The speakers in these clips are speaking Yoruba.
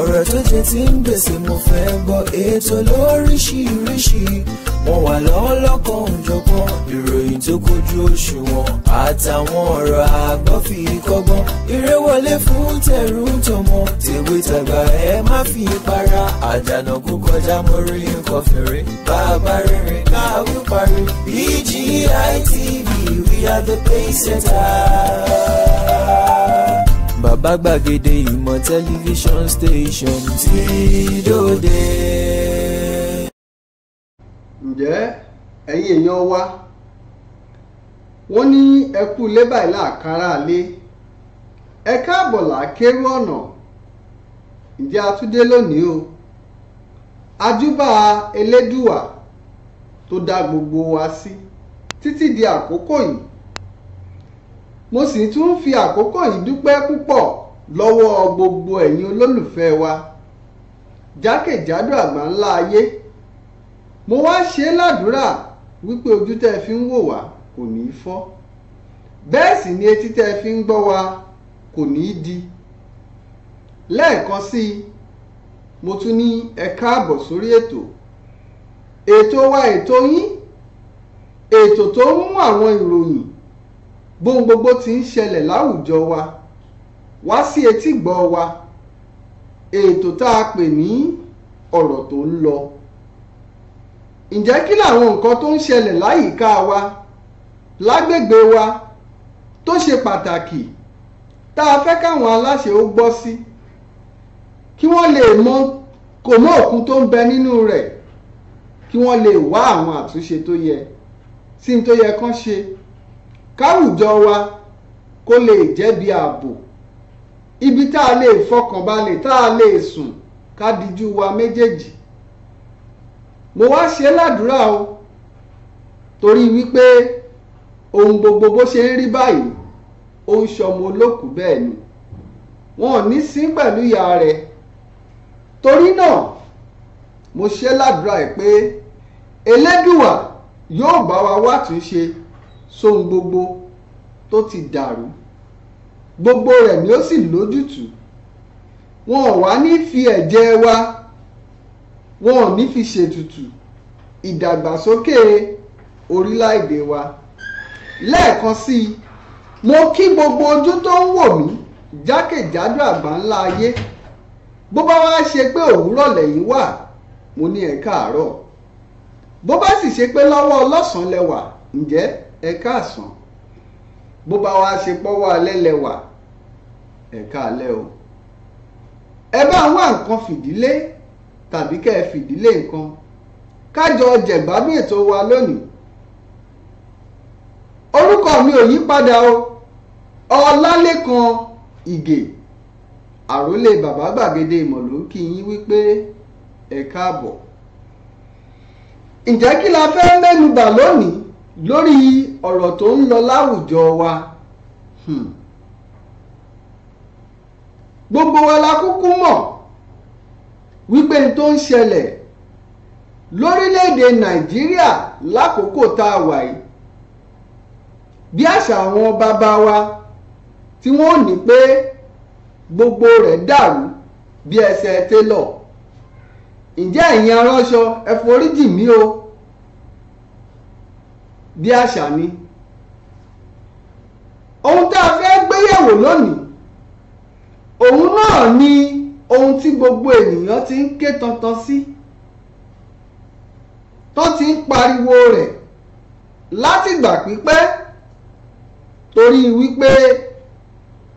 ọ̀rọ̀ tó jẹ ti ń gbèsè mo fẹ́ gbọ́ ètò lóríṣiríṣi Mo wà lọ́wọ́ lọ́kọ̀ òjọ̀gbọ́n ìròyìn tó kojú òṣùwọ̀n àtàwọn ọ̀rọ̀ àgbọ́ fi kọ́gbọ́n eré wọlé fún tẹ̀rù tọmọ tèwe tàgbà ẹ má fi para àdànà kó kọjá mo rí nǹkan fèrè bàbá rere káwé parí BGITV, we are the pace setters. bàbá gbàgede ìmọ̀ tẹlifíṣọ̀n station ti dòde. ǹjẹ́ ẹ̀yin èèyàn wa wọ́n ní ẹkú ilé báyìí lé ẹ̀ka ẹ káàbọ̀ ọ̀nà ǹjẹ́ atúndé lónìí o ajúbà elédùà tó dá gbogbo wa sí títí di àkókò yìí mo sì tún fi àkókò yìí dúpẹ́ púpọ̀ lọ́wọ́ gbogbo ẹ̀yin olólùfẹ́ wa jákèjádò àgbáńlá ayé mo wá ṣe ládùúrà wípé ojú tẹ́ ẹ fi ń wò wá kò ní í fọ́ bẹ́ẹ̀ sì ni etí tẹ́ ẹ fi ń gbọ́ wa kò ní í di lẹ́ẹ̀kan sí i mo tún ní ẹ káàbọ̀ sórí ètò ètò wa ètò yín ètò tó ń mú àwọn ìròyìn bóun gbogbo ti ń ṣẹlẹ̀ láwùjọ wa wá sí etígbọ́ wa ètò tá a pè ní ọ̀rọ̀ tó ń lọ ǹjẹ́ kí làwọn nǹkan tó ń ṣẹlẹ̀ láyìíká wa lágbègbè wa tó ṣe pàtàkì tá a fẹ́ káwọn aláṣẹ ó gbọ́ sí kí wọ́n lè mọ kò mọ òkun tó ń bẹ nínú rẹ̀ kí wọ́n lè wá àwọn àtúnṣe tó yẹ sí ní tó yẹ kán ṣe káwùjọ wa kó lè jẹ́ bí ààbò ibi tá a lè fọkànbalẹ̀ tá a lè sùn ká dijú wa méjèèjì mo wá ṣe ládùúrà o torí wípé ohun gbogbo bó ṣe ń rí báyìí ó ń ṣọmọ olókùú bẹ́ẹ̀ ni wọn ò ní sí pẹ̀lú ìyá rẹ̀ torí náà mo ṣe ládùúrà ẹ̀ pé elédùà yóò bá wa wá túnṣe sóhun gbogbo tó ti dàrú gbogbo rẹ̀ ni ó sì lójútùú wọn ò wá ní fi ẹ̀jẹ̀ wa wọn ò ní fi ṣètùtù ìdàgbàsókè orílẹ̀-èdè wa lẹ́ẹ̀kan sí i mo kí gbogbo ojú tó ń wò mí jákèjádò àgbáńlá ayé bó bá wá ṣe pé òwúrọ̀ lẹ́yìn wà mo ní ẹ káàárọ̀ bó bá sì ṣe pé lọ́wọ́ ọlọ́sàn-án lẹ́wà ǹjẹ́ ẹ káàsán bó bá wàá ṣe pọ́wọ́ alẹ́ lẹ́wà ẹ káàlẹ́ o ẹ bá ń wá nǹkan fìdílé tàbí kẹ́ ẹ fìdílé nǹkan kájọ jẹ̀gbádùn ètò wa lónìí orúkọ mi ò yí padà o ọlálékan ìgè àròlé bàbá gbàgede ìmọ̀ ló kí wípé ẹ káàbọ̀ ǹjẹ́ kí la fẹ́ mẹ́nubà lónìí lórí ọ̀rọ̀ tó ń lọ láwùjọ wa hmm. gbogbo wa la kúkú mọ̀ wípé n tó ń ṣẹlẹ̀ lórílẹ̀‐èdè nàìjíríà lákòókò tá a wà yìí bí àṣà àwọn bàbá wa tí wọ́n ní pé gbogbo rẹ̀ dàrú bí ẹsẹ̀ télọ̀ ǹjẹ́ ẹ̀yin aránṣọ ẹ foríjì mí o bí àṣà ni ohun tá a fẹ́ gbéyẹ̀wò lónìí òun náà ni ohun tí gbogbo ènìyàn ti ń ké tantan sí tó ti ń pariwo rẹ̀ látìgbà pípẹ́ torí wípé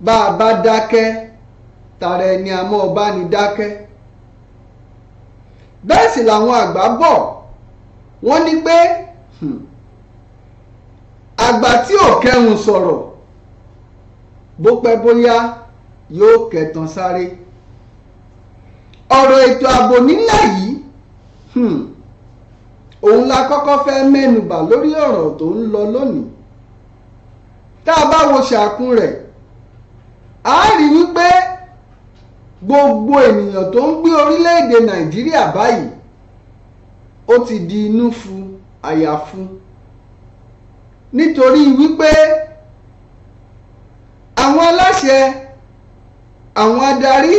bá a bá dákẹ́ tààrà ẹni àmọ́ ọba ni dákẹ́ bẹ́ẹ̀ sì làwọn àgbà bọ̀ wọ́n ní pé. Hmm àgbà tí ò kẹ́hùn sọ̀rọ̀ bó pẹ́ bóyá yóò kẹtàn sáré ọ̀rọ̀ ètò ààbò nílẹ̀ yìí hmm, òun la kọ́kọ́ fẹ́ mẹ́nubà lórí ọ̀rọ̀ tó ń lọ lónìí tá a bá wo ṣàkún rẹ̀ a rí wípé gbogbo ènìyàn tó ń gbé orílẹ̀-èdè nàìjíríà báyìí ó ti di inú fu àyà fún nítorí wípé àwọn aláṣẹ àwọn adarí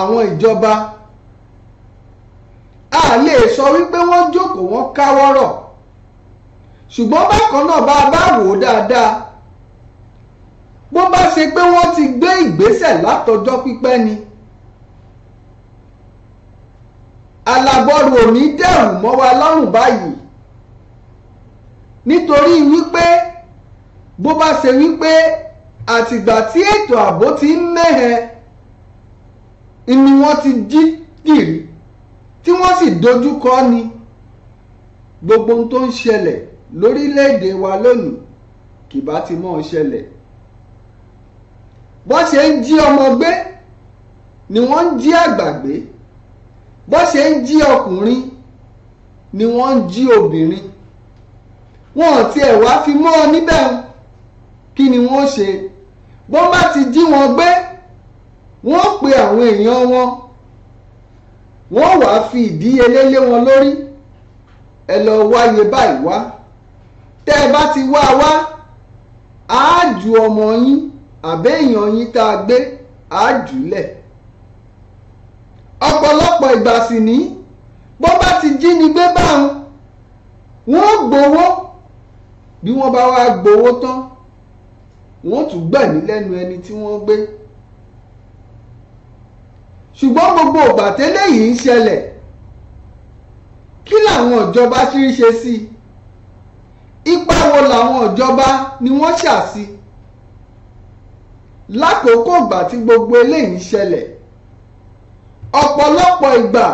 àwọn ìjọba a lè sọ wípé wọ́n jókòó wọ́n káwọ́rọ̀ ṣùgbọ́n bákan náà bá a bá wò ó dáadáa bó bá ṣe pé wọ́n ti gbé ìgbésẹ̀ látọjọ́ pípẹ́ ni alábọ́ọ̀rù òní dẹ̀rù mọ́ wa lọ́rùn báyìí nítorí wípé bó bá ṣe wípé àtìgbà tí ètò ààbò ti ń mẹ́hẹ ni wọ́n ti jí gìrì tí wọ́n sì dojúkọ ni gbogbo ohun tó ń ṣẹlẹ̀ lórílẹ̀‐èdè wa lónìí kì bá ti mọ́ ọ ṣẹlẹ̀ bó ṣe ń jí ọmọ gbé ni wọ́n ń jí àgbà gbé bó ṣe ń jí ọkùnrin ni wọ́n ń jí obìnrin wọn ò tiẹ̀ wá fi mọ́ ọ níbẹ̀ ń kí ni wọ́n ṣe bó bá ti jí wọn gbé wọ́n pe àwọn èèyàn wọn wọ́n wàá fi ìdíyelé lé wọn lórí ẹ lọ wáyé báyìí wá tẹ́ ẹ bá ti wá wá àájù ọmọ yín àbẹ́yàn yín tá a gbé àájùlẹ̀ ọ̀pọ̀lọpọ̀ ìgbà sì ní bó bá ti jí ni gbé báwọn wọ́n gbowó bí wọ́n bá wá gbowó tán wọ́n tún gbà ní lẹ́nu ẹni tí wọ́n gbé ṣùgbọ́n gbogbo ìgbà tẹ́lẹ̀ yìí ń ṣẹlẹ̀ kí làwọn ìjọba ṣì ń ṣe sí i ipa wo làwọn ìjọba ni wọ́n ṣà sí lákòókò ìgbà tí gbogbo eléyìí ń ṣẹlẹ̀ ọ̀pọ̀lọpọ̀ ìgbà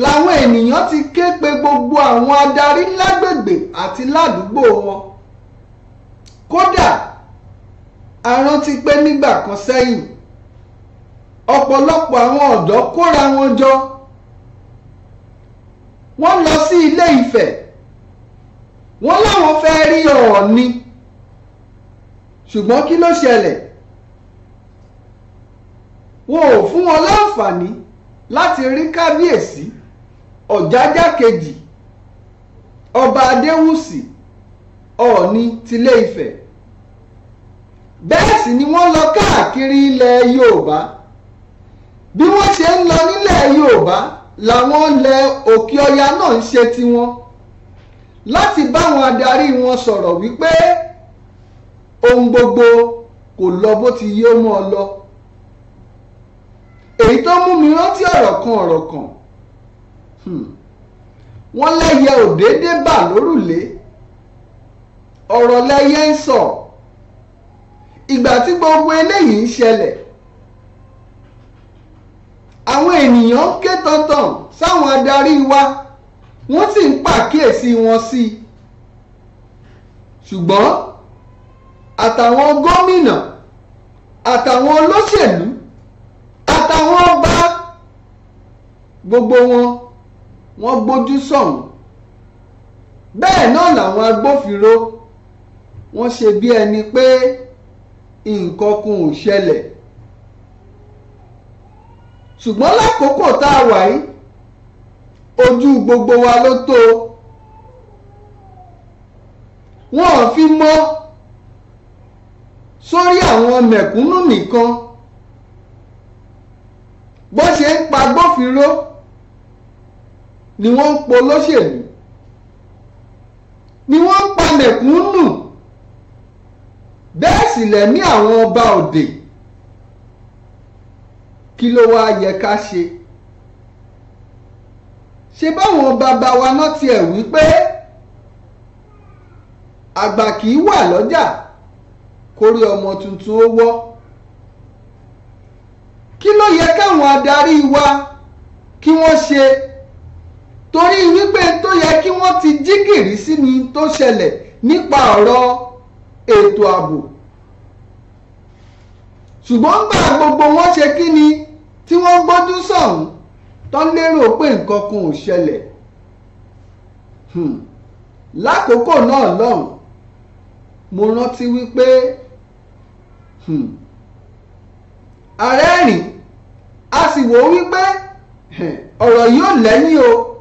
làwọn ènìyàn ti ké pe gbogbo àwọn adarí lágbègbè àti ládùúgbò wọn kódà a rántí pé nígbà kan sẹ́yìn ọ̀pọ̀lọpọ̀ àwọn ọ̀dọ́ kóra wọn jọ wọ́n lọ sí ilé Ifẹ̀ wọ́n láwọn fẹ́ rí Ọọ̀ni ṣùgbọ́n kí ló ṣẹlẹ̀ wọn ò fún wọn láǹfààní láti rí kábíyèsí. Si ọ̀jájá kejì ọba adéwùsì ọọ̀ni tilé ifẹ̀ bẹ́ẹ̀ sì ni wọ́n lọ káàkiri ilẹ̀ yorùbá bí wọ́n ṣe ń lọ nílẹ̀ yorùbá làwọn ilẹ̀ òkè ọya náà ń ṣe tiwọn láti báwọn adarí wọn sọ̀rọ̀ wípé ohun gbogbo kò lọ bó ti yé mọ́ lọ èyí tó mú mi rántí ọ̀rọ̀ kan ọ̀rọ̀ kan Hmm. wọ́n lẹ́yẹ òdédé bà lórùlé ọ̀rọ̀ lẹ́yẹ ń sọ ìgbà tí gbogbo eléyìí ń ṣẹlẹ̀ àwọn ènìyàn ń ké tọ̀tàn sáwọn adarí wa wọ́n sì ń pàkíyèsí wọn sí i ṣùgbọ́n àtàwọn gómìnà àtàwọn olóṣèlú àtàwọn ọba gbogbo wọn wọ́n gbójú sọ̀hún bẹ́ẹ̀ náà làwọn agbófinró wọ́n ṣe bí ẹni pé nǹkan kan ò ṣẹlẹ̀ ṣùgbọ́n lákòókò tá a wà yìí ojú gbogbo wa ló tó wọn ò fi mọ́ sórí àwọn mẹ̀kúnnù nìkan bó ṣe ń pa agbófinró ni wọ́n ń po olóṣèlú ni wọ́n ń palẹ̀kùn nù bẹ́ẹ̀ sì lẹ̀mí àwọn ọba òde kí ló wáá yẹ ká ṣe ṣe báwọn bàbá wa náà tiẹ̀ wí pé àgbà kì í wà lọ́jà kórí ọmọ tuntun ó wọ́ kí ló yẹ káwọn adarí wa kí wọ́n ṣe torí wípé tó yẹ kí wọ́n ti jígìrì sí ni tó ṣẹlẹ̀ nípa ọ̀rọ̀ ètò ààbò ṣùgbọ́n gbà gbogbo wọn ṣe kí ni tí wọ́n gbójú sọ̀hún tó ń lérò pé nǹkan kan ò ṣẹlẹ̀ hmm. lákòókò náà lọ́hùn mo rántí wípé hmm, ààrẹ rìn a sì wò wípé hmm, ọ̀rọ̀ yóò lẹ́yìn o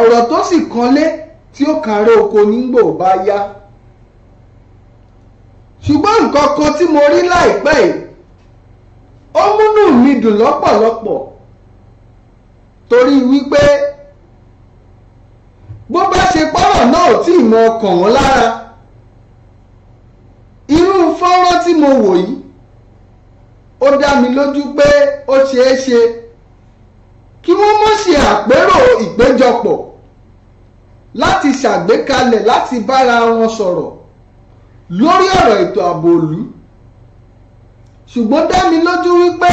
ọ̀rọ̀ tó sì kanlé tí ó kàré oko nígbò bá yá ṣùgbọ́n nǹkan kan tí mo rí láìpẹ́ yìí ó múnú mi dùn lọ́pọ̀lọpọ̀ torí wípé bó bá ṣe pọ́rọ̀ náà ò tí ì mọ ọkàn wọn lára irú fọ́nrán tí mo wò yìí ó dá mi lójú pé ó ṣeé ṣe. Ó kí wọ́n mọ̀ ṣe àpérò ìgbẹ́jọpọ̀ láti ṣàgbékalẹ̀ láti bára wọn sọ̀rọ̀ lórí ọ̀rọ̀ ètò ààbò ìlú ṣùgbọ́n dá mi lójú wípé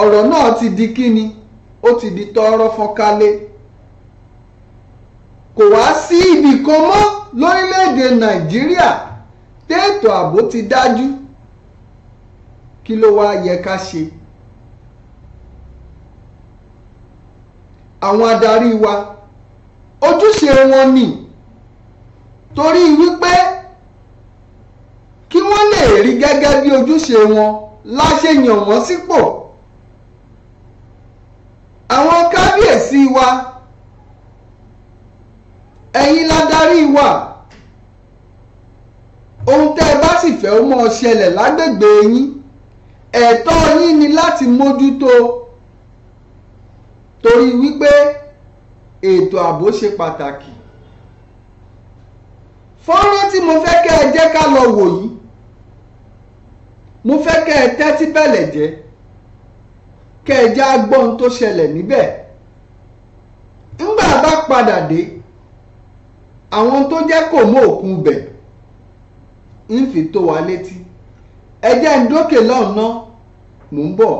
ọ̀rọ̀ náà ti di kíni ó ti di tọ́rọ́ fọ́nkálé kò wá sí ibì kan mọ́ lórílẹ̀‐èdè nàìjíríà tètò ààbò ti dájú kí ló wá yẹ ká ṣe. àwọn adarí wa ojúṣe wọn ni torí wípé kí wọ́n lè rí gẹ́gẹ́ bí ojúṣe wọn la ṣe yàn wọ́n sípò àwọn kábíyèsí wa ẹ̀yin ladarí wa ohun tẹ́ ẹ bá sì fẹ́ ó mọ́ ṣẹlẹ̀ lágbègbè yín ẹ̀tọ́ yín ni láti mójútó torí wípé ètò ààbò ṣe pàtàkì fọ́nrán tí mo fẹ́ kẹ́ ẹ jẹ́ ká lọ wò yìí mo fẹ́ kẹ́ ẹ tẹ́tí bẹ̀lẹ̀ jẹ́ kẹ́ ẹ já gbọ́ ohun tó ṣẹlẹ̀ níbẹ̀ ńgbà bá padà dé àwọn tó jẹ́ kò mú òkun bẹ̀ ń fi tó wa létí ẹ jẹ́ ń dókè lọ́nà mò ń bọ̀.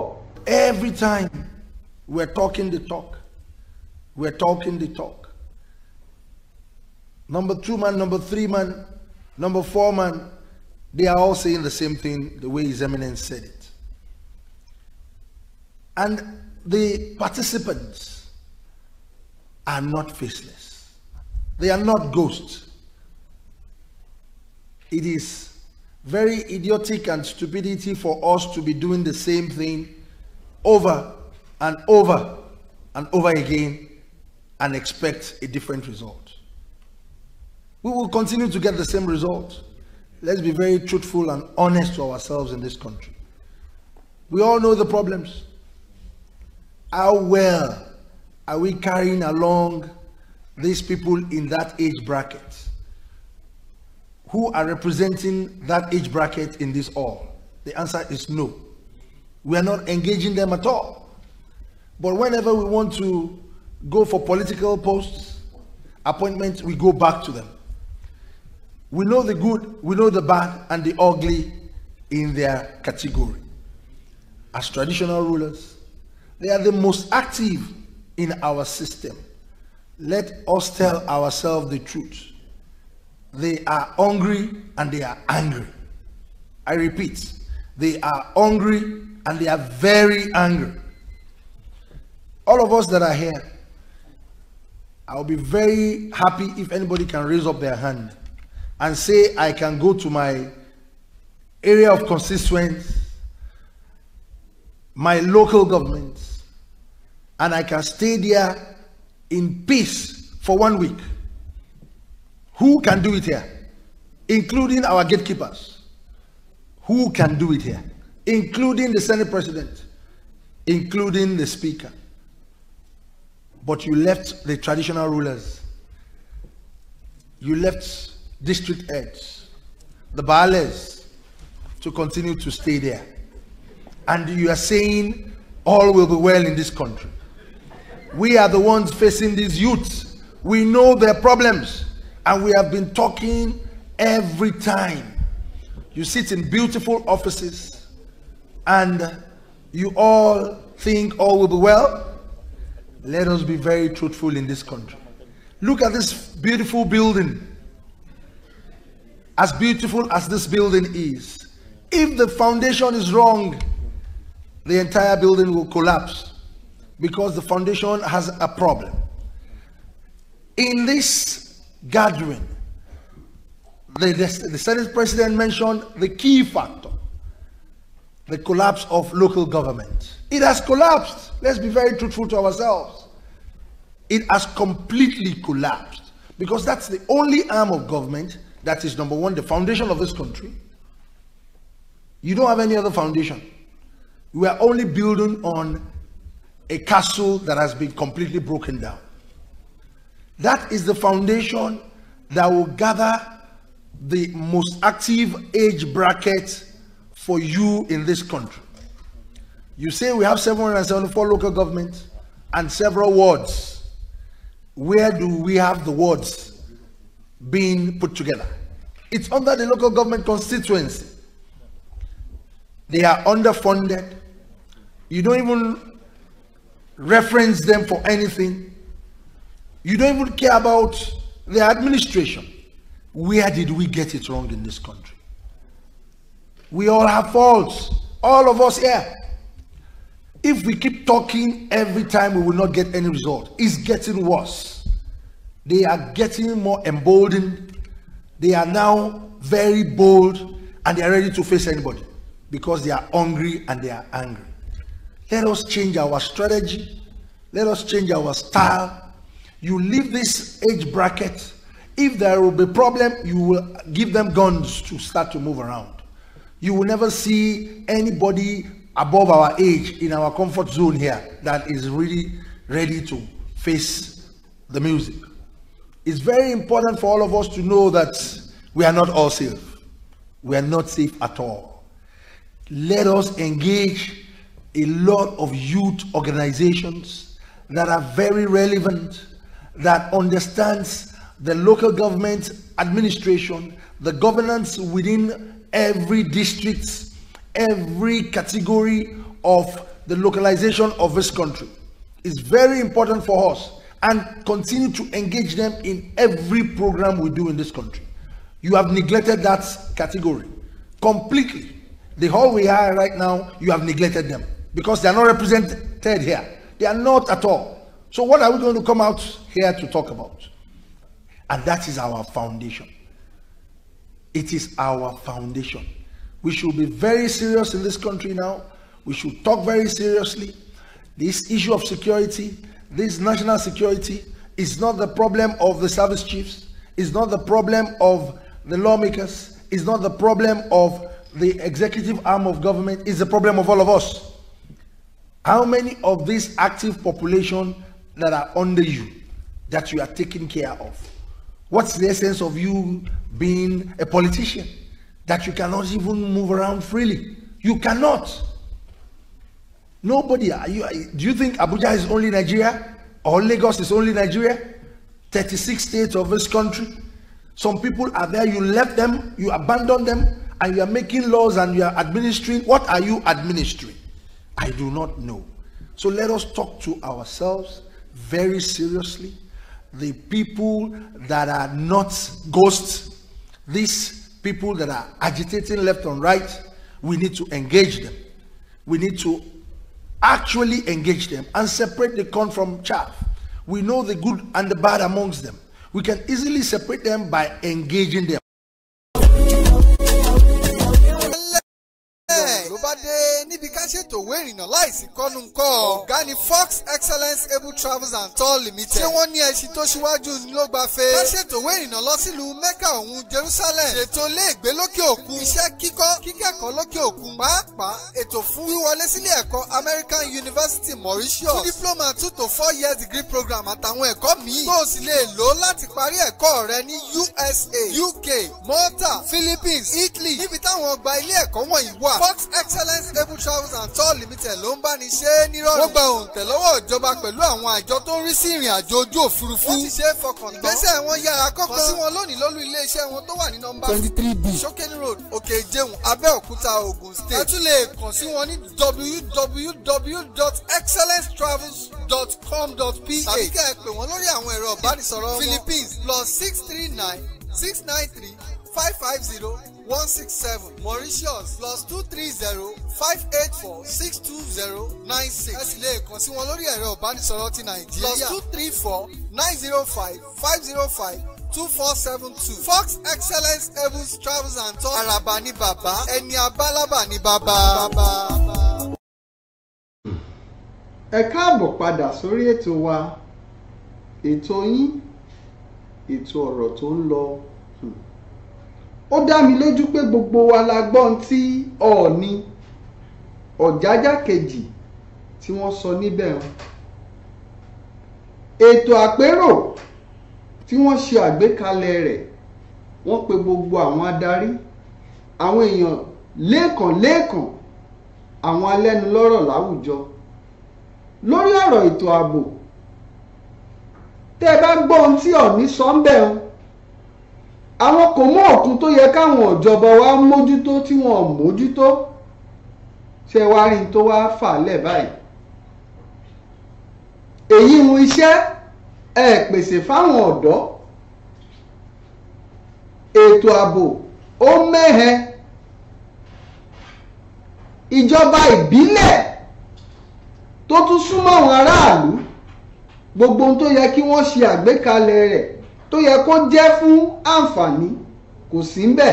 every time We're talking the talk. We're talking the talk. Number two man, number three man, number four man, they are all saying the same thing the way His Eminence said it. And the participants are not faceless, they are not ghosts. It is very idiotic and stupidity for us to be doing the same thing over and over and over again and expect a different result. We will continue to get the same result. Let's be very truthful and honest to ourselves in this country. We all know the problems. How well are we carrying along these people in that age bracket who are representing that age bracket in this all? The answer is no. We are not engaging them at all. But whenever we want to go for political posts, appointments, we go back to them. We know the good, we know the bad, and the ugly in their category. As traditional rulers, they are the most active in our system. Let us tell ourselves the truth. They are hungry and they are angry. I repeat, they are hungry and they are very angry all of us that are here, I'll be very happy if anybody can raise up their hand and say, I can go to my area of constituents, my local government, and I can stay there in peace for one week. Who can do it here? Including our gatekeepers. Who can do it here? Including the Senate President, including the Speaker but you left the traditional rulers. You left district heads, the Baales, to continue to stay there. And you are saying all will be well in this country. We are the ones facing these youths. We know their problems. And we have been talking every time. You sit in beautiful offices and you all think all will be well let us be very truthful in this country. Look at this beautiful building. As beautiful as this building is, if the foundation is wrong, the entire building will collapse because the foundation has a problem. In this gathering, the, the, the Senate president mentioned the key factor the collapse of local government. It has collapsed. Let's be very truthful to ourselves. It has completely collapsed because that's the only arm of government that is, number one, the foundation of this country. You don't have any other foundation. We are only building on a castle that has been completely broken down. That is the foundation that will gather the most active age bracket for you in this country. You say we have 774 local governments and several wards. Where do we have the wards being put together? It's under the local government constituency. They are underfunded. You don't even reference them for anything. You don't even care about their administration. Where did we get it wrong in this country? We all have faults. All of us here. If we keep talking every time, we will not get any result. It's getting worse. They are getting more emboldened. They are now very bold and they are ready to face anybody because they are hungry and they are angry. Let us change our strategy. Let us change our style. You leave this age bracket. If there will be problem, you will give them guns to start to move around. You will never see anybody above our age in our comfort zone here that is really ready to face the music. It's very important for all of us to know that we are not all safe. We are not safe at all. Let us engage a lot of youth organizations that are very relevant, that understands the local government administration, the governance within every district every category of the localization of this country. It's very important for us and continue to engage them in every program we do in this country. You have neglected that category completely. The whole we are right now, you have neglected them because they are not represented here. They are not at all. So what are we going to come out here to talk about? And that is our foundation. It is our foundation. We should be very serious in this country now. We should talk very seriously. This issue of security, this national security, is not the problem of the service chiefs. It's not the problem of the lawmakers. It's not the problem of the executive arm of government. It's the problem of all of us. How many of this active population that are under you that you are taking care of? What's the essence of you being a politician? that you cannot even move around freely. You cannot. Nobody. You, do you think Abuja is only Nigeria? Or Lagos is only Nigeria? 36 states of this country. Some people are there. You left them, you abandon them, and you are making laws and you are administering. What are you administering? I do not know. So let us talk to ourselves very seriously. The people that are not ghosts, this people that are agitating left and right, we need to engage them. We need to actually engage them and separate the corn from chaff. We know the good and the bad amongst them. We can easily separate them by engaging them. tòwé ìrìnnà láìsí kọ́nùkọ́. ọ̀gá ni Fox Excellence Able Travels and Tour Limited. ṣé wọ́n ní ẹṣin tó ṣíwájú ló gba fe. wọ́n ṣètòwé ìrìnnà lọ sílùú Mecca òun Jerusalem. ṣètò léègbé lókè òkun. iṣẹ́ kíkọ́ kíkẹ́kọ̀ọ́ lókè òkun. pàápàá ètò fún wíwọlé sílé ẹ̀kọ́ American University Mauritius. fún diploma two to four years degree program àtàwọn ẹ̀kọ́ míì. tó o sì lè lò láti parí ẹ̀kọ́ rẹ ní USA, UK, Malta, Philippines, Italy níbi táwọn ọgbà ilé ẹ̀kọ́ wọ̀nyí wà. Fox Excellence Able Travels and Tour Travel Limited ló ń bá ní ṣe é nírọ̀rùn. wọ́n gba òǹtẹ̀ lọ́wọ́ ìjọba pẹ̀lú àwọn àjọ tó ń rí sí ìrìn àjò ojú òfurufú. wọ́n ti ṣe é fọkàn tán. ìgbésẹ̀ wọn yára kọ́kọ́. kàn sí wọn lónìí lólú iléeṣẹ́ wọn tó wà ní nọ́mbà. twenty three b Shokeni Road Òkè Ìjẹun Abẹ́òkúta Ògùn State. ẹ tún lè kàn sí wọn ní www.excellencetravels.com.pa tàbí kẹ́ ẹ pè wọ́n lórí àwọn ẹ̀rọ ìbánisọ̀rọ̀ wọn Philippines plus six three nine six nine three five five zero one six seven Mauritius plus two three zero five eight four six two zero nine six. ẹ sì lè kàn sí wọn lórí ẹ̀rọ ìbánisọ̀rọ̀ ti Nàìjíríà plus two three four nine zero five five zero five two four seven two Fox Excellence Evans Travels and Tours Àràbà ni bàbá ẹni abálábà ni bàbá. ẹ káàbọ̀ padà sórí ètò wa ètò yín ètò ọ̀rọ̀ tó ń lọ ó dá mi lójú pé gbogbo wa la gbọ́ ohun tí ọ̀ọ́ni ọ̀jájá kejì tí wọ́n sọ níbẹ̀ o ètò àpérò tí wọ́n ṣe àgbékalẹ̀ rẹ̀ wọ́n pe gbogbo àwọn adarí àwọn èèyàn lẹ́ẹ̀kan lẹ́ẹ̀kan àwọn alẹ́nulọ́rọ̀ láwùjọ lórí ọ̀rọ̀ ètò ààbò tẹ́ ẹ bá gbọ́ ohun tí ọ̀ọ́ni sọ ń bẹ̀ o àwọn kò mú ọ̀kun tó yẹ káwọn ìjọba wa mójútó tí wọn ò mójútó ṣe wá rí tó wá fà lẹ̀ báyìí èyí ń iṣẹ́ ẹ pèsè fáwọn ọ̀dọ́ ètò ààbò ó mẹ́hẹ ìjọba ìbílẹ̀ tó tún súnmọ́ àwọn aráàlú gbogbo ohun tó yẹ kí wọ́n ṣe àgbékalẹ̀ rẹ̀ tó yẹ kó jẹ́ fún àǹfààní kò sí ńbẹ̀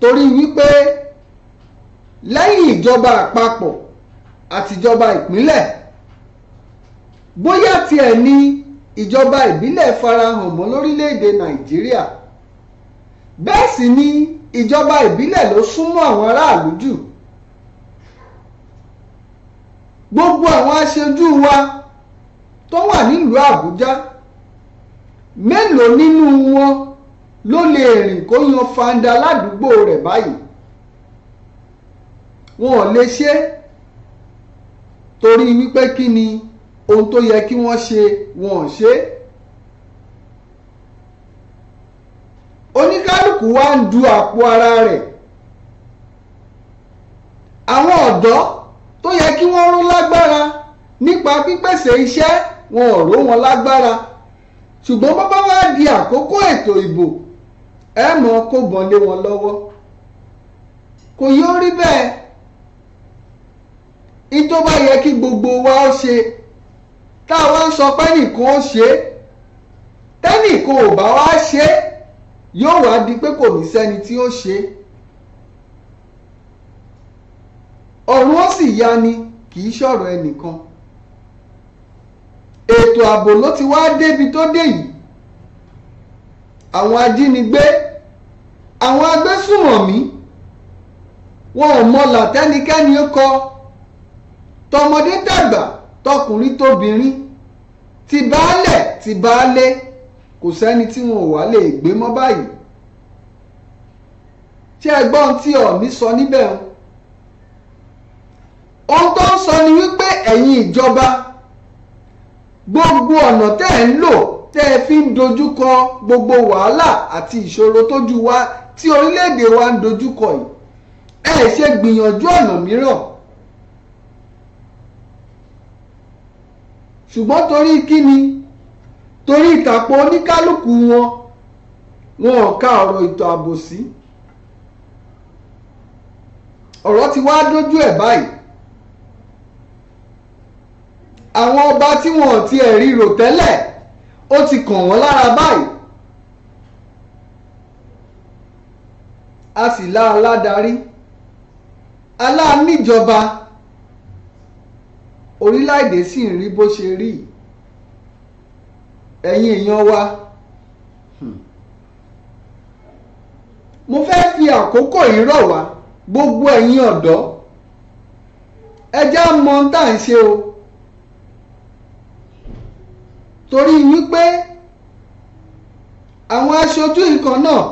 torí wípé lẹ́yìn ìjọba àpapọ̀ àtijọba ìpínlẹ̀ bóyá tiẹ̀ ni ìjọba ìbílẹ̀ farahàn mọ́ lórílẹ̀‐èdè Nàìjíríà bẹ́ẹ̀ sì ni ìjọba ìbílẹ̀ ló súnmọ́ àwọn aráàlú jù gbogbo àwọn aṣojú wa tó wà nílùú Àbújá mélòó nínú wọn ló lè rìn kó yan fanda ládùúgbò rẹ̀ báyìí wọn ò lè ṣe torí wípé kí ni ohun tó yẹ kí wọ́n ṣe wọn ò ṣe oníkálukú wa ń du àpò ara rẹ̀ àwọn ọ̀dọ́ tó yẹ kí wọ́n rún lágbára nípa pípèsè iṣẹ́ wọn ò ró wọn lágbára ṣùgbọ́n bọ́bá wá di àkókò ètò ìbò ẹ mọ̀ kó gbọ́n lé wọn lọ́wọ́ kò yóò rí bẹ́ẹ̀ ìjọba yẹ kí gbogbo wa ó ṣe tá a wá ń sọ pé nìkan ó ṣe tẹ́nìkan ò bá wá ṣe yóò wá di pé kò ní sẹ́ni tí ó ṣe ọ̀run ó sì yá kì í ṣọ̀rọ̀ ẹnìkan ètò ààbò ló ti wá débi tó dé yìí àwọn ajínigbé àwọn agbésùmọ̀mí wọn ò mọlà tẹ́nikẹ́ni kọ tọmọdé tàgbà tọkùnrin tóbìnrin ti baálẹ̀ ti baálé kò sẹ́ni tí wọn ò wá lè gbé mọ́ báyìí ṣé ẹgbọ́n tí ọ̀mí sọ níbẹ̀ o ohun tó ń sọ ni wípé ẹ̀yin ìjọba. E gbogbo ọ̀nà tẹ́ ẹ̀ ń lò tẹ́ ẹ fi ń dojúkọ gbogbo wàhálà àti ìṣòro tójú wa tí orílẹ̀-èdè wa ń dojúkọ yìí ẹ ṣe gbìyànjú ọ̀nà mìíràn ṣùgbọ́n torí kíni torí ìtàpọ̀ oníkálukú wọn wọn ò ka ọ̀rọ̀ ètò ààbò sí ọ̀rọ̀ ti wá dójú ẹ̀ báyìí àwọn ọba tí wọn ò tiẹ̀ rí rò tẹ́lẹ̀ ó ti kàn wọ́n lára báyìí a sì lá aládarí aláàníjọba orílẹ̀-èdè sì ń rí bó ṣe rí ẹ̀yin èèyàn wa hmm. mo fẹ́ fi àkókò yìí rọ̀ wá gbogbo ẹ̀yin ọ̀dọ́ ẹ já mọ tá à ń ṣe o torí wípé àwọn aṣojú ikọ̀ náà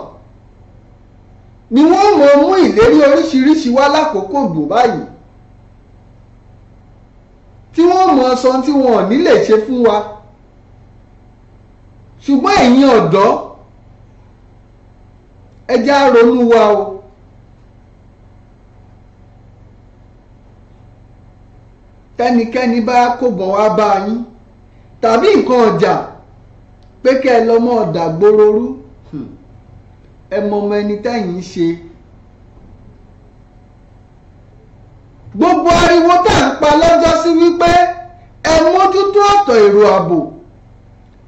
ni wọ́n mọ̀ mú ìlérí oríṣiríṣi wá lákòókò gbò báyìí tí wọ́n mọ̀ sọ tí wọn ò ní lè ṣe fún wa ṣùgbọ́n ẹ̀yin ọ̀dọ́ ẹ já ronú wa o. tẹ́nikẹ́ni bá kó bọ̀ wá bá yín tàbí nǹkan ọjà pé kẹ́ ẹ lọ́mọ ọ̀dà gbórórú hmm. ẹ mọ ọmọ ẹni táyìn ń ṣe. gbogbo ariwo tá à ń pa lọ́jọ́ sí wípé ẹ mójútó ọ̀tọ̀ èrò ààbò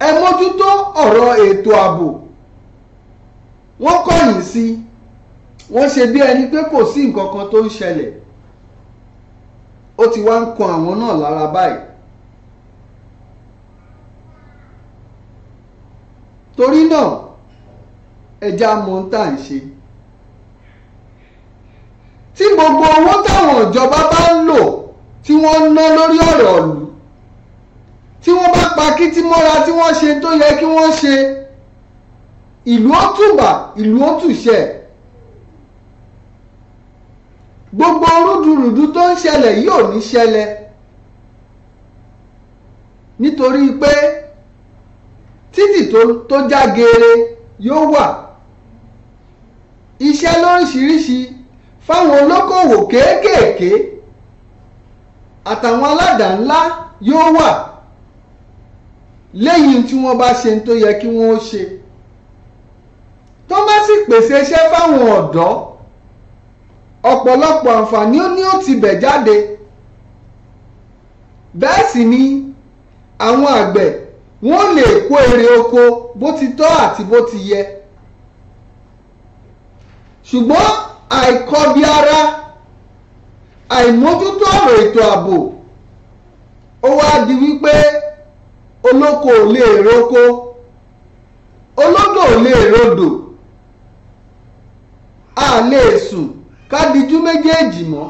ẹ mójútó ọ̀rọ̀ ètò ààbò wọ́n kọ̀yìn sí wọ́n ṣe bí ẹni pé kò sí nǹkan kan tó ń ṣẹlẹ̀ ó ti wá ń kan àwọn náà lára báyìí torí náà ẹja mọ ń tà ń ṣe tí gbogbo owó táwọn ìjọba bá ń lò tí wọ́n ń ná lórí ọ̀rọ̀ ìlú tí wọ́n bá pa kítí mọ́ra tí wọ́n ṣe tó yẹ kí wọ́n ṣe ìlú ó tùbà ìlú ó tùṣẹ gbogbo rúdurùdu tó ń ṣẹlẹ̀ yìí ò ní ṣẹlẹ̀ nítorí pé tó já geere yóò wà iṣẹ́ lóríṣiríṣi fáwọn olókòwò kéékèèké àtàwọn aládàá ńlá yóò wà lẹ́yìn tí wọ́n bá ṣe tó yẹ kí wọ́n ó ṣe tó bá sì pèsè iṣẹ́ fáwọn ọ̀dọ́ ọ̀pọ̀lọpọ̀ àǹfààní ni ó ti bẹ̀ jáde bẹ́ẹ̀ sì ni àwọn àgbẹ̀ wọ́n lè kó èrè oko bó ti tọ́ àti bó ti yẹ ṣùgbọ́n àìkọbi ara àìmójútó ọ̀rọ̀ ètò ààbò ó wá di wípé olóko ò lè roko olódò ò lè rodò a lè sùn ká dijú méjèèjì mọ́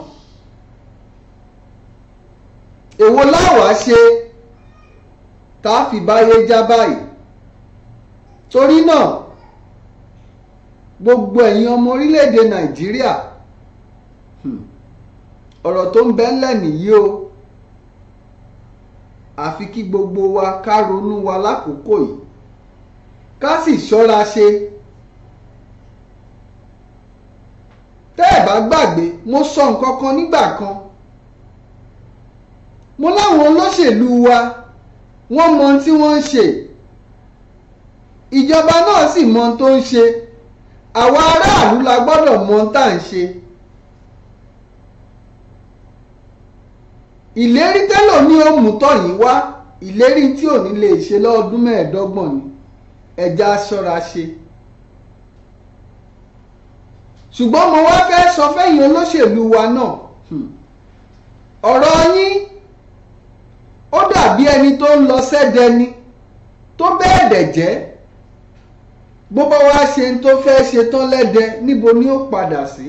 èwo láwàá ṣe. tá a fi báyé já báyìí torí náà gbogbo ẹ̀yin ọmọ orílẹ̀-èdè nàìjíríà hmm, ọ̀rọ̀ tó ń bẹ ńlẹ̀ nìyí o àfi kí gbogbo wa ká ronú wa lákòókò yìí ká sì ṣọ́ra ṣe. tẹ́ ẹ̀ bá gbàgbé mo sọ nǹkan kan nígbà kan mo láwọn olóṣèlú wa wọ́n mọ ohun tí wọ́n ń ṣe ìjọba náà sì mọ ohun tó ń ṣe àwa aráàlú la gbọ́dọ̀ mọ tá à ń ṣe. ìlérí tẹ́lọ̀ ní òmùtọ́ yìí wá ìlérí tí ò ní lè ṣe lọ́ọ́dún mẹ́ẹ̀ẹ́dọ́gbọ̀n ni ẹja ṣọ́ra ṣe. ṣùgbọ́n mo wá fẹ́ sọ fẹ́yìn olóṣèlú wa náà hmm. ọ̀rọ̀ yín ó dàbí ẹni tó ń lọ sẹ́dẹ ni tó bẹ́ẹ̀ dẹ̀ jẹ́ bó bá wá ṣe tó fẹ́ ṣe tán lẹ́dẹ níbo ni ó padà sí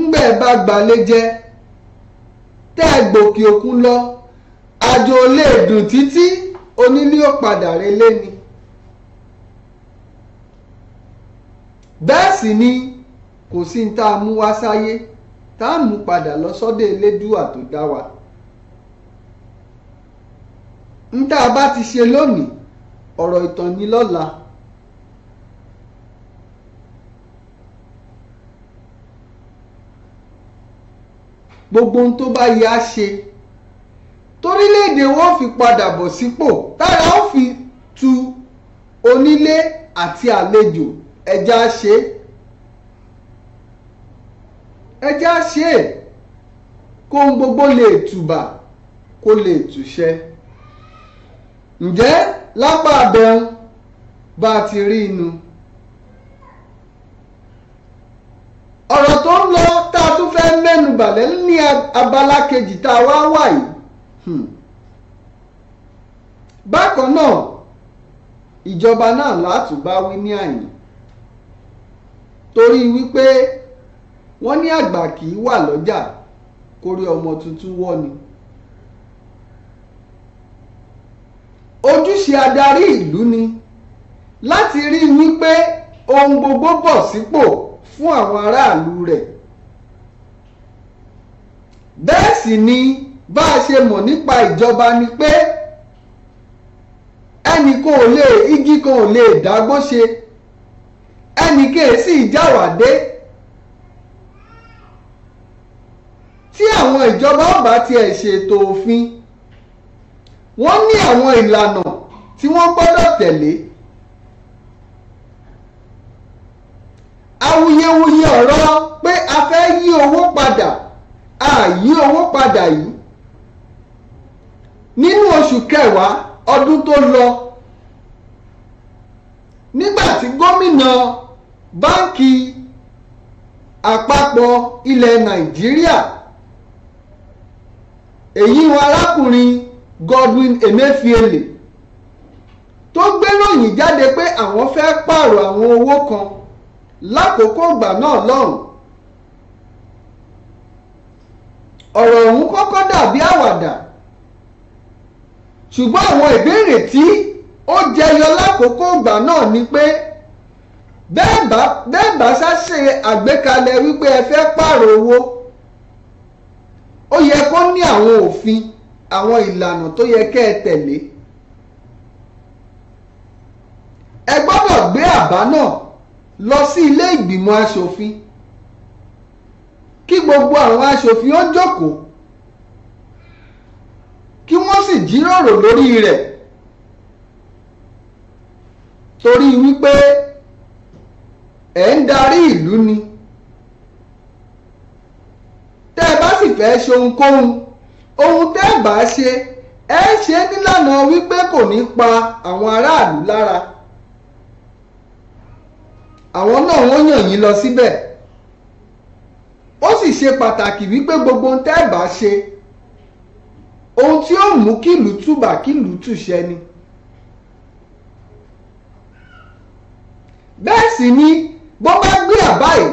ńgbẹ́ bá gbalẹ́jẹ́ tẹ́ ẹ gbòkè òkun lọ àjò lè dùn títí onílé ó padà relé ni bẹ́ẹ̀ sì ni kò sí ní tá mú wá sáyé tá a mú padà lọ sọ́dọ̀ elédùà tó dá wa ń tá a bá ti ṣe lónìí ọ̀rọ̀ ìtàn ni lọ́la. gbogbo ohun tó bá yá ṣe torílẹ̀ wọn fi padà bọ̀ sípò tára ó fi tu onílé àti àlejò ẹja ṣe é. ẹ já ṣe é kó ohun gbogbo lè tùbà kó lè túṣẹ ǹjẹ́ lápá abẹ́hùn bá a ti rí inú. ọ̀rọ̀ tó ń lọ tá a tún fẹ́ mẹ́nu bàlẹ́ ní abala kejì tá a wá wà yìí. Hmm. bákan náà ìjọba náà wí ní àyìn torí wípé wọ́n ní àgbà kì í wà lọ́jà kórí ọmọ tuntun wọ́ ni. ojúṣe adarí ìlú ni láti rí wípé ohun gbogbo bọ̀ sípò fún àwọn aráàlú rẹ̀ bẹ́ẹ̀ sì ni bá a ṣe mọ̀ nípa ìjọba ni pé ẹnì kan ò lè igi kan ò lè dágbó ṣe ẹnì kan èsì ìjáwá tí àwọn ìjọba ọba tiẹ̀ ṣètò òfin wọ́n ní àwọn ìlànà tí wọ́n gbọ́dọ̀ tẹ̀lé awuyewuye ọ̀rọ̀ pé a fẹ́ yí owó padà a yí owó padà yìí nínú oṣù kẹwàá ọdún tó lọ nígbà tí gómìnà báńkì àpapọ̀ ilẹ̀ nàìjíríà èyí wọn arákùnrin Godwin Emefiele tó gbé ròyìn jáde pé àwọn fẹ́ pààrọ̀ àwọn owó kan lákòókò ìgbà náà lọ́hùn ọ̀rọ̀ ọ̀hún kọ́kọ́ dàbí àwàdà ṣùgbọ́n àwọn ìbéèrè tí ó jẹyọ lákòókò ìgbà náà ni pé bẹ́ẹ̀ bá ṣáṣe àgbékalẹ̀ wípé ẹ fẹ́ pààrọ̀ owó ó yẹ kó ní àwọn òfin àwọn ìlànà tó yẹ kẹ́ ẹ tẹ̀lé ẹ gbọ́dọ̀ gbé àbá náà lọ sí ilé ìgbìmọ̀ aṣòfin kí gbogbo àwọn aṣòfin ó jókòó kí wọ́n sì jíròrò lórí rẹ̀ torí wípé ẹ̀ ń darí ìlú ni. fẹ́ ṣe ohunkóhun ohun tẹ́ ẹ̀ bá ṣe ẹ ṣe nílànà wípé kò ní pa àwọn aráàlú lára àwọn náà wọ́n yàn yín lọ síbẹ̀ ó sì ṣe pàtàkì wípé gbogbo ohun tẹ́ ẹ̀ bá ṣe ohun tí ó mú kílù túbà kílù túṣẹ ni. bẹ́ẹ̀ sì ni bó bá gbé àbá yìí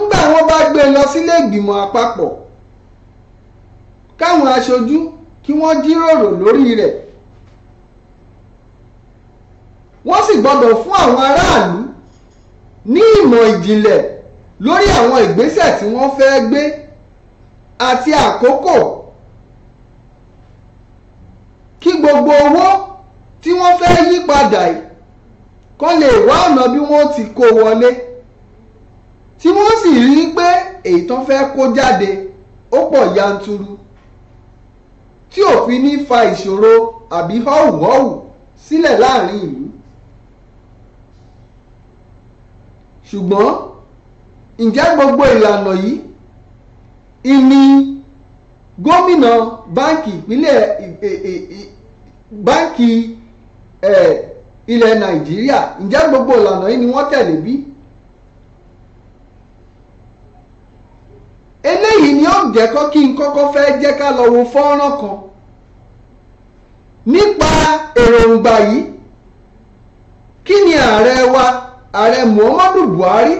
ńgbà wọn bá gbé e lọ sílé ìgbìmọ̀ àpapọ̀ káwọn aṣojú kí wọ́n jíròrò lórí rẹ̀ wọ́n sì gbọ́dọ̀ fún àwọn aráàlú ní ìmọ̀ ìjìnlẹ̀ lórí àwọn ìgbésẹ̀ tí wọ́n fẹ́ gbé àti àkókò kí gbogbo owó tí wọ́n fẹ́ yí padà yìí kó lè wá ọ̀nà bí wọ́n ti kó wọlé tí wọ́n sì rí i pé èyí tán fẹ́ kó jáde ó pọ̀ yanturu tí òfin ní fa ìṣòro àbí họ́wùhọ́wù sílẹ̀ láàrin ìlú ṣùgbọ́n ǹjẹ́ gbogbo ìlànà yìí ìní gómìnà báǹkì ìpínlẹ̀ báǹkì ilẹ̀ Nàìjíríà ǹjẹ́ gbogbo ìlànà yìí ni wọ́n tẹ̀lé bí? eléyìí ni ó jẹ́ kọ́ kí n kọ́kọ́ fẹ́ jẹ́ ká lọ wo fọ́nrán kan nípa èròǹgbà yìí kí ni ààrẹ wa ààrẹ Muhammadu Buhari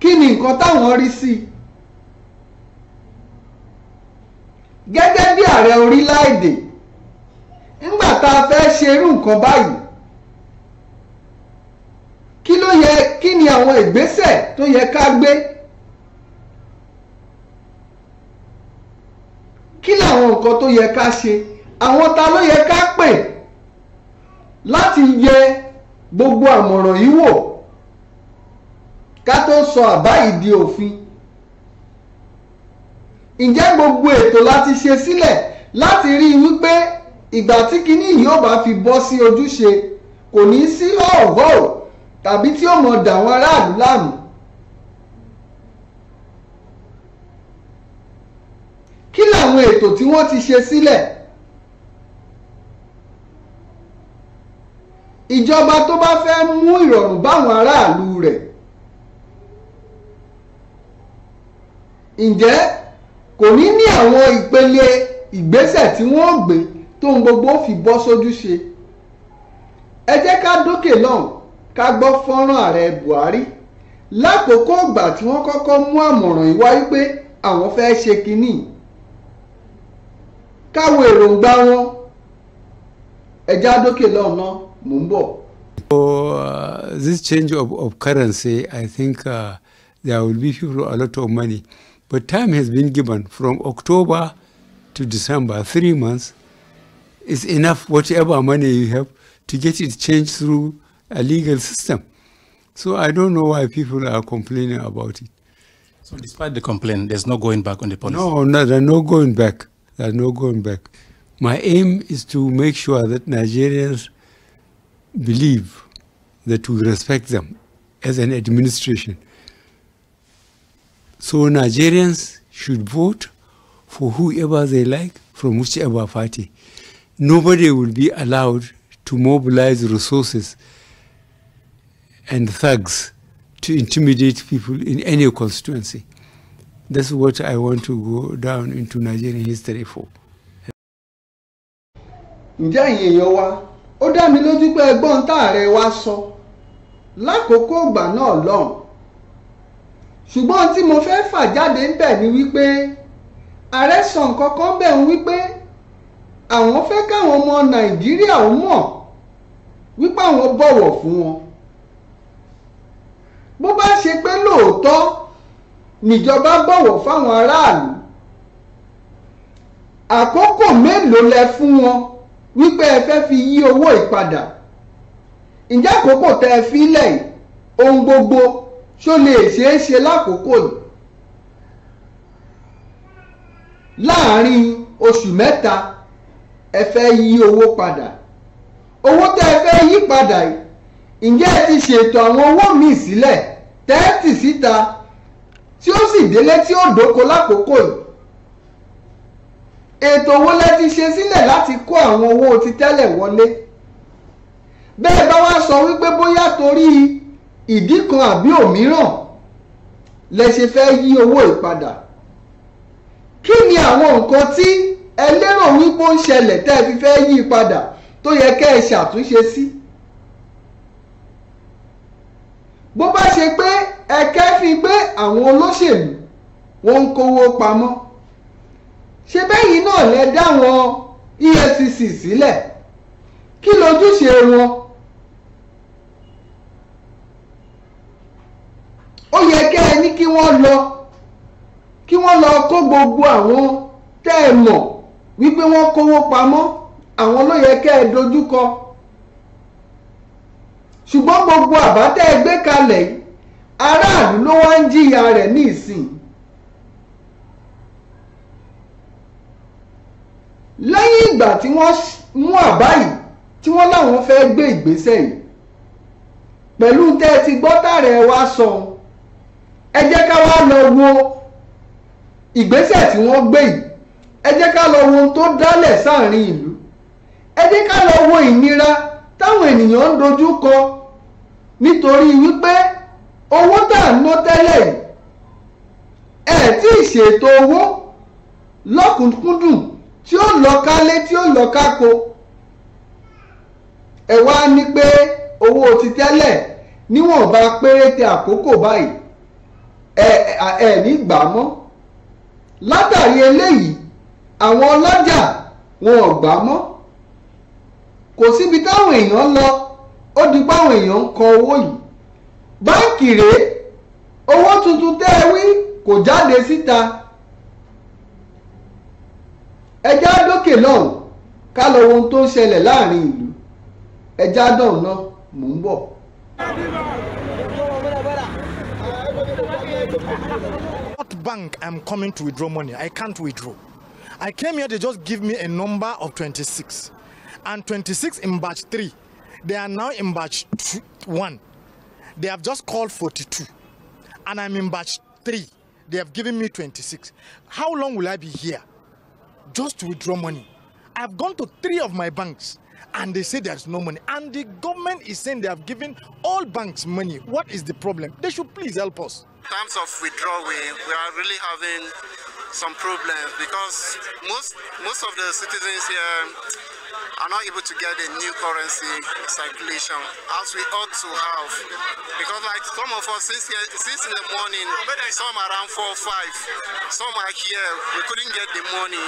kí ni nǹkan táwọn rí sí i gẹ́gẹ́ bí ààrẹ orílẹ̀-èdè ńgbà tá a fẹ́ ṣe irú nǹkan báyìí kí ló yẹ kí ni àwọn ìgbésẹ̀ tó yẹ ká gbé. àwọn nǹkan tó yẹ ká ṣe àwọn ta ló yẹ ká pè láti yẹ gbogbo àmọ̀ràn yìí wò ká tó sọ àbá ìdí òfin ǹjẹ́ gbogbo ètò láti ṣe sílẹ̀ láti rí i wípé ìgbà tí kinní yìí ò bá fi bọ́ sí ojúṣe kò ní sí ọ̀gọ́ tàbí tí ó mọ̀ dàwọn aráàlú láàmú àwọn ètò tí wọ́n ti ṣe sílẹ̀ ìjọba tó bá fẹ́ mú ìrọ̀rùn báwọn aráàlú rẹ̀ ǹjẹ́ kò ní ní àwọn ìpele ìgbésẹ̀ tí wọ́n gbé tó ń gbogbo fi bọ́ sójú ṣe ẹ jẹ́ ká dókè lọ́hùn ká gbọ́ fọ́nrán ààrẹ Buhari lákòókò ìgbà tí wọ́n kọ́kọ́ mú àmọ̀ràn yìí wáyé pé àwọn fẹ́ ṣe kínní káwọn èròǹgbà wọn ẹja dókè lọ́nà mò ń bọ̀. uh, this change of, of currency, I think uh, there will be people a lot of money. But time has been given from October to December, three months is enough, whatever money you have, to get it changed through a legal system. So I don't know why people are complaining about it. So despite the complaint, there's no going back on the policy? No, no there's no going back. There's no going back. My aim is to make sure that Nigerians believe that we respect them as an administration. So Nigerians should vote for whoever they like from whichever party. Nobody will be allowed to mobilize resources and thugs to intimidate people in any constituency. That's what I want to go down into Nigerian history for. ǹjẹ́ ẹ̀yin èèyàn wa ó dá mi lójú pé ẹgbọ́n táàrẹ wa sọ lákòókò ìgbà náà lọ́hùn ṣùgbọ́n tí mo fẹ́ fà jáde ń bẹ̀ ni wípé ààrẹ sọ nǹkan kan bẹ̀ ń wípé àwọn fẹ́ káwọn ọmọ nàìjíríà ó mọ̀ wípé àwọn bọ̀wọ̀ fún wọn bó bá ṣe pé lóòótọ́ níjọba bọ̀wọ̀ fáwọn aráàlú àkókò mélòó lẹ fún wọn wípé ẹ fẹ́ fi yí owó ìpadà ǹjẹ́ àkókò tẹ́ ẹ fílẹ̀ yìí ohun gbogbo ṣó lè ṣeé ṣe lákòókò yìí láàárín oṣù mẹ́ta ẹ fẹ́ yí owó padà owó tẹ́ ẹ fẹ́ yí padà ǹjẹ́ ẹ ti ṣètò àwọn owó míì sílẹ̀ tẹ́ẹ̀tì síta tí ó sì délé tí ó dóko lákòókò yìí ètò owó lẹ ti ṣe sílẹ̀ láti kó àwọn owó ti tẹ́lẹ̀ wọlé bẹ́ẹ̀ bá wá sọ wípé bóyá torí ìdí kan àbí òmíràn lẹ ṣe fẹ́ yí owó ìpadà kí ni àwọn nǹkan tí ẹ lérò wípé ó ń ṣẹlẹ̀ tẹ́ ẹ fi fẹ́ yí padà tó yẹ kẹ́ ẹ ṣàtúnṣe sí bó bá ṣe pé ẹ̀kẹ́ fi gbé àwọn olóṣèlú wọ́n ń kówó pamọ́ ṣe bẹ́yìn náà lẹ dá wọn EFCC sílẹ̀ kí lójúṣe wọn ó yẹ kẹ́ ẹ ní kí wọ́n lọ kí wọ́n lọ kó gbogbo àwọn tẹ́ ẹ mọ̀ wípé wọ́n kówó pamọ́ àwọn ló yẹ kẹ́ ẹ dojúkọ ṣùgbọ́n gbogbo àbá tẹ́ ẹ gbé kalẹ̀ yìí aráàlú ló wá ń jìyà rẹ̀ ní ìsìn lẹ́yìn ìgbà tí wọ́n mú àbá yìí tí wọ́n láwọn fẹ́ gbé ìgbésẹ̀ yìí pẹ̀lú tẹ́ ẹ ti gbọ́ tààrẹ wa sọ ẹ jẹ́ ká wá lọ wo ìgbésẹ̀ tí wọ́n gbé yìí ẹ jẹ́ ká lọ wo ohun tó dálẹ̀ sáàrin ìlú ẹ jẹ́ ká lọ wo ìnira táwọn ènìyàn ń dojú kọ nítorí wípé owó tá à ń ná tẹ́lẹ̀ ẹ̀ tí ì ṣètò owó lọ́kùnkúndùn tí ó lọ kálé tí ó lọ káko ẹ wá ní pé owó ti tẹ́lẹ̀ níwọ̀nba péréte àkókò báyìí ẹ ẹ ní gbà mọ́ látàrí eléyìí àwọn ọlọ́jà wọn ò gbà mọ́ kò síbi táwọn èèyàn lọ ó di pé àwọn èèyàn ń kọ owó yìí báǹkì rèé owó tuntun tẹ́ ẹ wí kò jáde síta ẹjá dókè lọ́hùn ká lọ ohun tó ń ṣẹlẹ̀ láàrin ìlú ẹjá dọ̀hùn náà mò ń bọ̀. What bank I'm coming to withdraw money? I can't withdraw. I came here, they just give me a number of 26. And 26 in batch three. They are now in batch one. They have just called 42, and I'm in batch 3. They have given me 26. How long will I be here just to withdraw money? I've gone to three of my banks and they say there's no money. And the government is saying they have given all banks money. What is the problem? They should please help us. In terms of withdrawing, we are really having some problems because most most of the citizens here are not able to get a new currency circulation as we ought to have. Because like some of us, since, here, since in the morning, some around four, or 5, some are here, we couldn't get the money.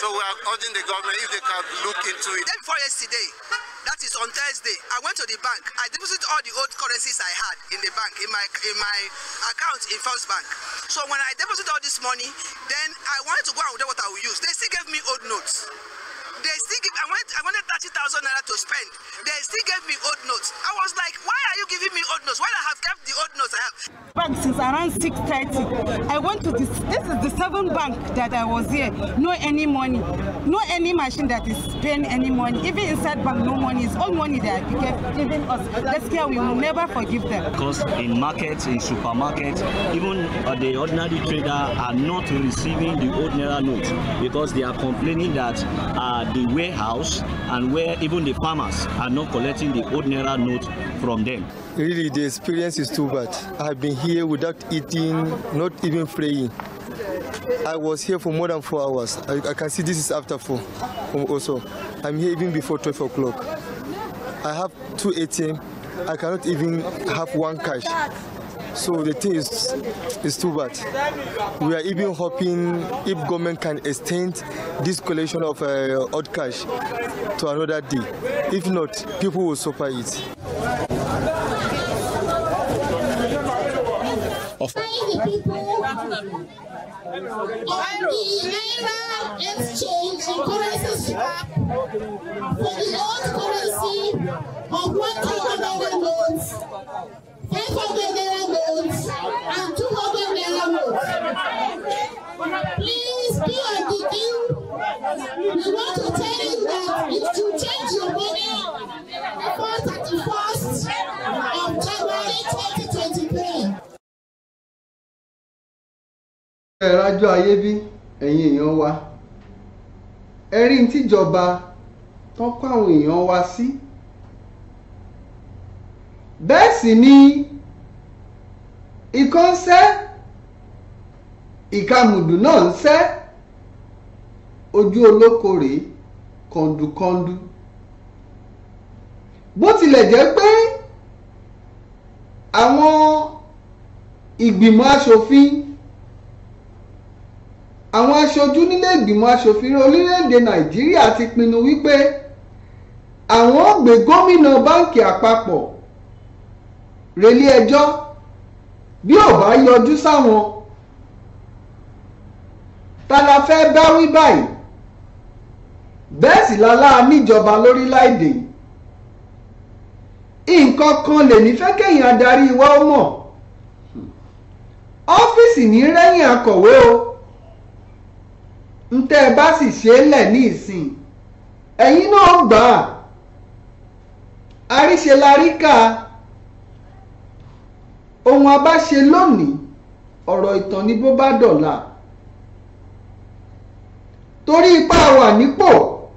So we are urging the government if they can look into it. Then for yesterday, that is on Thursday, I went to the bank. I deposited all the old currencies I had in the bank, in my, in my account in First Bank. So when I deposited all this money, then I wanted to go and do what I will use. They still gave me old notes. They still give, I, went, I wanted 30,000 naira to spend. They still gave me old notes. I was like, why are you giving me old notes? Well, I have kept the old notes I have. Bank since around six thirty, I went to this, this is the seven bank that I was here. No any money. No any machine that is paying any money. Even inside bank, no money. It's all money that you get giving us. Gaskiya, we will never forgive them. Because in market, in supermarket, even uh, the ordinary trader are not receiving the old naira notes because they are complaining that uh, the warehouse and where even the farmers are not collecting the ordinary note from them. Really, the experience is too bad. I've been here without eating, not even praying. I was here for more than four hours. I, I can see this is after four also. I'm here even before 12 o'clock. I have two ATM. I cannot even have one cash. So the thing is, is too bad. We are even hoping if government can extend this collection of uh, odd cash to another day. If not, people will suffer it. Of 500 naira notes and 200 naira notes. Please be on the queue. We want to tell you that if you change your money before 31st of January 2023. ẹ̀rọ ajọ́ ayé bí ẹ̀yin èèyàn wa tíjọba tán kó àwọn èèyàn wa sí. bẹ́ẹ̀ sì ni ikọ́ ń sẹ́ ìkamùdù náà ń sẹ́ ojú olóko rèé kọ̀ǹdùkọ̀ǹdù bó tilẹ̀ jẹ́ pé àwọn ìgbìmọ̀ asòfin àwọn aṣojú nílé ìgbìmọ̀ asòfin orílẹ̀-èdè nàìjíríà ti pinnu wípé àwọn ó gómìnà báǹkì àpapọ̀ relé ẹjọ́ e bí ò bá yọjú sáwọn ta la fẹ́ bá wí báyìí bẹ́ẹ̀ sì lálá níjọba lórílẹ̀‐èdè yìí nǹkan kan lè ní fẹ́ kéèyàn adarí wa ó mọ̀ ọ́fíìsì ní rẹ́yìn akọ̀wé o ntẹ́ ẹ bá sì ṣe é lẹ̀ ní ìsìn ẹ̀yin náà gbà á àríṣe la rí kà á. ohun a bá ṣe lónìí ọ̀rọ̀ ìtàn ni bó bá dọ̀la torí ipá wà nípò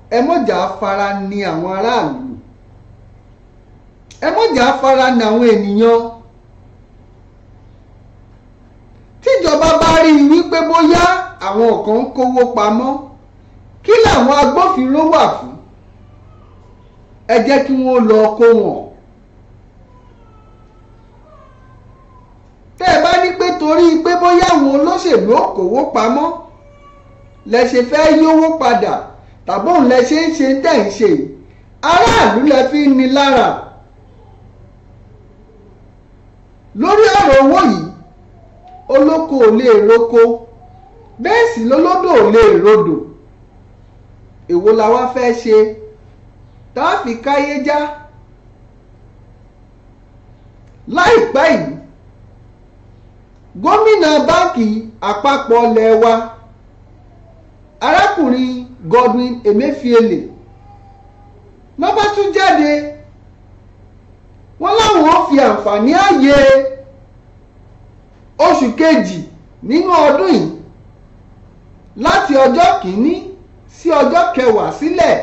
ẹ afara ni àwọn aráàlú ẹ mọ̀jà fara ni àwọn ènìyàn tíjọba bá rí i wípé bóyá àwọn kan ń kówó pamọ́ kí làwọn agbófinró wà fún ẹ jẹ́ kí wọ́n lọ kó wọn. tẹ́ ẹ bá ní pé torí pé bóyá àwọn olóṣèlú òkòwò pamọ́ lẹ ṣe fẹ́ yówó padà tàbóun lẹ ṣe ń ṣe tẹ̀ ń ṣe aráàlú lẹ fi ń ni lára lórí ọ̀rọ̀ owó yìí olóko ò lè roko bẹ́ẹ̀ sì lólódò ò lè rodò èwo la wá fẹ́ ṣe tá a fi káyé já láìpẹ́ yìí gómìnà báǹkì àpapọ̀ ilẹ̀ wa arákùnrin Godwin Emefiele ló bá tún jáde wọ́n láwọn ó fi àǹfààní ààyè oṣù kejì nínú ọdún yìí láti ọjọ́ kìíní sí ọjọ́ kẹwàá sílẹ̀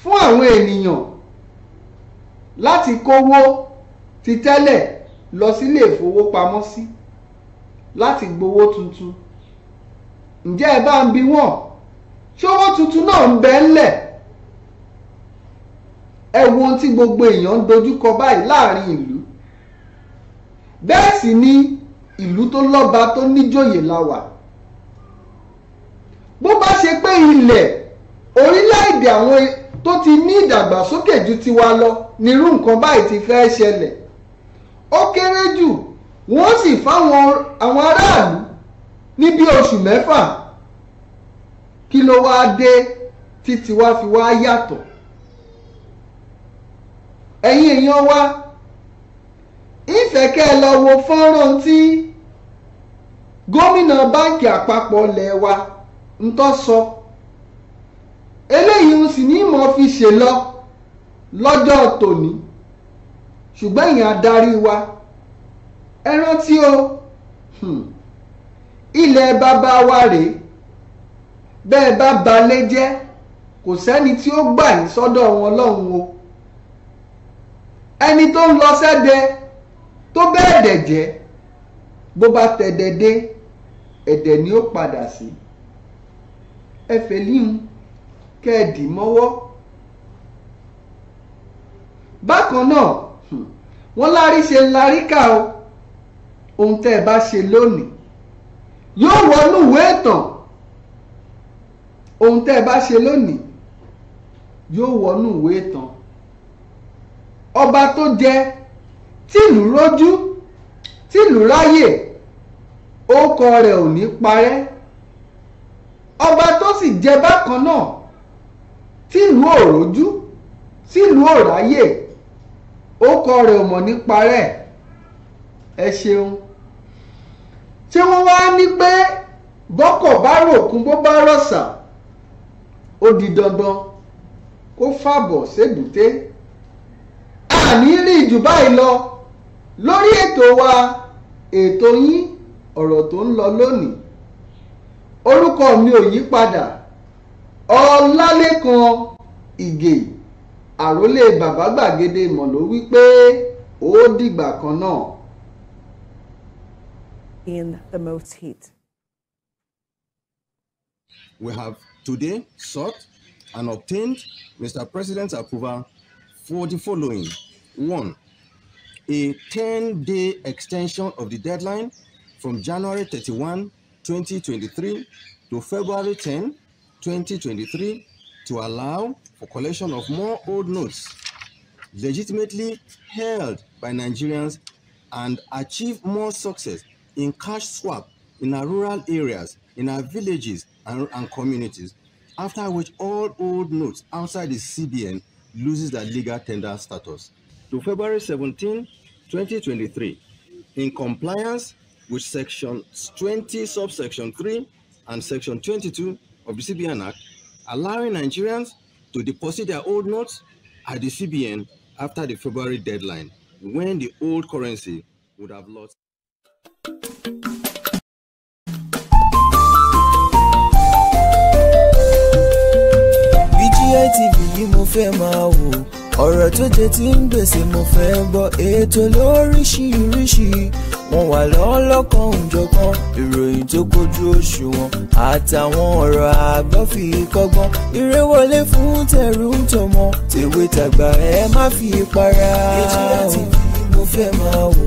fún àwọn ènìyàn láti kówó ti tẹ́lẹ̀ lọ sílé ìfowópamọ́sí láti gbowó tuntun ǹjẹ́ ẹ bá ń bi wọ́n ṣé owó tuntun náà ń bẹ ńlẹ̀ ẹ wo ohun tí gbogbo èèyàn ń dojúkọ báyìí láàrin ìlú bẹ́ẹ̀ sì ni ìlú tó lọ́ba tó níjòyè la wà bó bá ṣe pé ilẹ̀ orílẹ̀-èdè àwọn tó ti ní ìdàgbàsókè ju tiwa lọ nírú nǹkan báyìí ti fẹ́ ṣẹlẹ̀ ó kéré jù wọ́n sì fáwọn àwọn aráàlú ní bí oṣù mẹ́fà kí ló wáá dé títí wá fi wá yàtọ̀ ẹ̀yin èèyàn wá ìfẹ́ kẹ́ ẹ lọ wo fọ́nrán tí gómìnà báǹkì àpapọ̀ ilẹ̀ wa ń tọ́ sọ eléyìí ń sì ní ìmọ̀ fi ṣe lọ lọ́jọ́ tòní. ṣùgbọ́n ìyẹn adarí wa ẹ rántí o hmm. ilẹ̀ bàbá wa rèé bẹ́ẹ̀ bá balẹ̀ jẹ́ kò sẹ́ni tí ó gbà yín sọ́dọ̀ wọn lọ́hùn o ẹni tó ń lọ sẹ́dẹ tó bẹ́ẹ̀ dẹ̀ jẹ́ bó bá tẹ̀dẹ̀ dé ẹ̀dẹ̀ ni ó padà sí ẹ fèlíhun kẹ́ẹ̀dì mọ́wọ́ bákan náà wọ́n lárí ṣe láríkà o ohun tẹ́ ẹ bá ṣe lónìí yóò wọnú ìwé ìtàn ohun tẹ́ ẹ bá ṣe lónìí yóò wọnú ìwé ìtàn ọba tó jẹ tìlú rójú tìlú ráyè orúkọ rẹ̀ ò ní parẹ́ ọba tó sì jẹ bákan náà tìlú òrójú tìlú òráyè ó kọ rẹ̀ ò mọ̀ nípa rẹ̀ ẹ ṣeun tí wọ́n wá ní pé bọ́kọ̀ bá ròkun bó bá rọ̀ṣà ó di dandan kó fàbọ̀ ṣèbùté àní rí jù báyìí lọ lórí ètò wa ètò yín ọ̀rọ̀ tó ń lọ lónìí orúkọ mi ò yí padà ọlálẹ́kan ìgè àròlé bàbá gbàgede ìmọ̀ ló wí pé ó dìgbà kan náà. in the most heat. We have today sought and obtained Mr. President's approval for the following. One, a ten day extension of the deadline from January thirty-one, twenty twenty-three, to February ten, twenty twenty-three. to allow for collection of more old notes legitimately held by Nigerians and achieve more success in cash swap in our rural areas, in our villages and, and communities, after which all old notes outside the CBN loses their legal tender status. To February 17, 2023, in compliance with Section 20, Subsection 3 and Section 22 of the CBN Act, allowing Nigerians to deposit their old notes at the CBN after the February deadline, when the old currency would have lost. BGI yìí mo fẹ́ máa wò ọ̀rọ̀ tó jẹ ti ń gbèsè mo fẹ́ gbọ́ ètò lóríṣiríṣi wọ́n wà lọ́lọ́kan òjọ̀kan ìròyìn tó kojú òṣùwọ̀n àtàwọn ọ̀rọ̀ àgbọ́ fi kọ́gbọ́n eré wọlé fún tẹ̀rù ń tọmọ tèwe tàgbà ẹ má fi para. ètò láti bí mo fẹ́ máa wò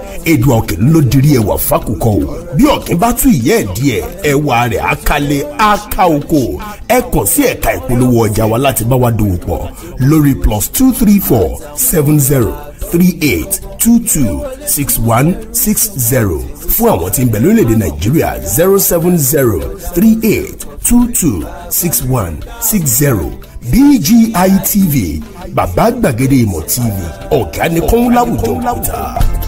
èdùn ọ̀kìn ló dirí ẹwà fákùkọ o bí ọ̀kìn bá tú ìyẹ́ ẹ̀ ẹwà rẹ̀ akalẹ̀ aka oko ẹ kàn sí ẹ̀ka ìpolówó ọjà wa láti bá wa dòwò pọ̀ lórí plus two three four seven zero three eight two two six one six zero fún àwọn tí ń bẹ lórílẹ̀‐èdè nàìjíríà zero seven zero three eight two two six one six zero BGI TV bàbá gbàgede ìmọ̀ TV ọ̀gá ni kọ́ńláwùjọ kùtà